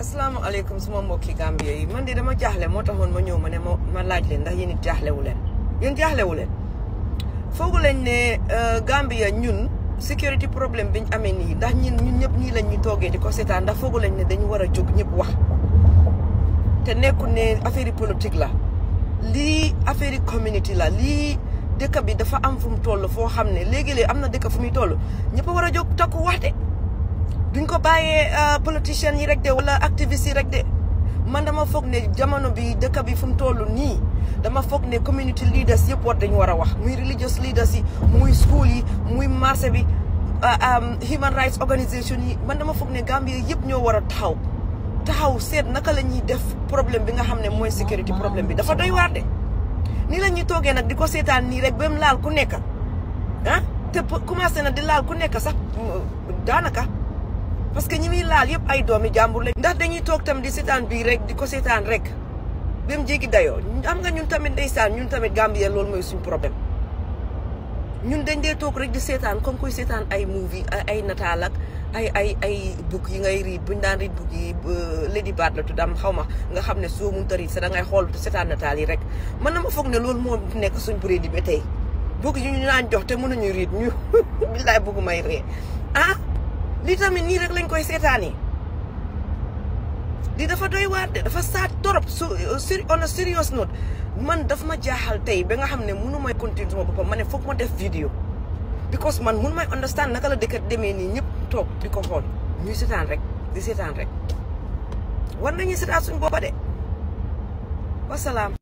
asalaamaaleykum suma mbokki Gambie yi man de dama jaaxle moo taxoon ma ñëw ma ne ma ma laaj leen ndax yéen it jaaxlewu leen yéen jaaxlewu leen foogu lañ ne euh, Gambia ñun sécurité problème ñu amee nii ndax ñun ñun ñëpp ñii lañ ñu toogee di ko seetaan ndax foogu lañ ne dañu war a jóg ñëpp wax te nekku ne affaire politique la lii affaire community la lii dëkk bi dafa am fu mu toll foo xam ne léegi-léeg am na dëkk fu muy toll ñëpp war jóg takku wax de duñ ko bàyyee euh, politiciens yi rek de wala activistes yi rek de man dama foog ne jamono bi dëkka bi fu mu toll nii dama foog ne community leaders yëpp war dañu war a wax muy religious leaders yi muy school yi muy marché bi euh, um, human rights organisation yi man dama foog ne Gambia yëpp ñoo war a taxaw taxaw seet naka la ñuy def problème bi nga xam ne mooy sécurité problème bi dafa doy waar de nii la ñuy toogee nag di ko seetaan nii rek ba mu laal ku nekk ah te commencé na di laal ku nekk sax daanaka parce que ñi muy laal yëpp ay doomi jàmbur lañ ndax dañuy toog tam di seetaan bii rek di ko seetaan rek ba mu jéggi dayoo am nga ñun tamit ndeysaan ñun tamit gambien loolu mooy suñ problème ñun dañ dee toog rek di seetaan comme kuy seetaan ay movie ay nataal ak ay ay ay yi ngay rii bu ñu daan riid book yi Lady Bird la tudd xaw ma nga xam ne soo mënut a riid sax da ngay xool seetaan nataal yi rek man ma foog ne loolu moo nekk suñ produit bi tey book yi ñu naan jox te mënuñu riid ñu billaay bëggu may ree ah! li tamit nii rek lañ koy seetaanee di dafa doy waar de dafa saa torop su on a serious note man daf ma jaaxal tey ba nga xam ne mënu may continuer sama boppam ma ne foog ma def vidéo because man mënu may understand naka la dëkkat demee nii ñëpp toog di ko xool ñuy seetaan rek di seetaan rek war nañuy seetaan suñ boppa de wasalaam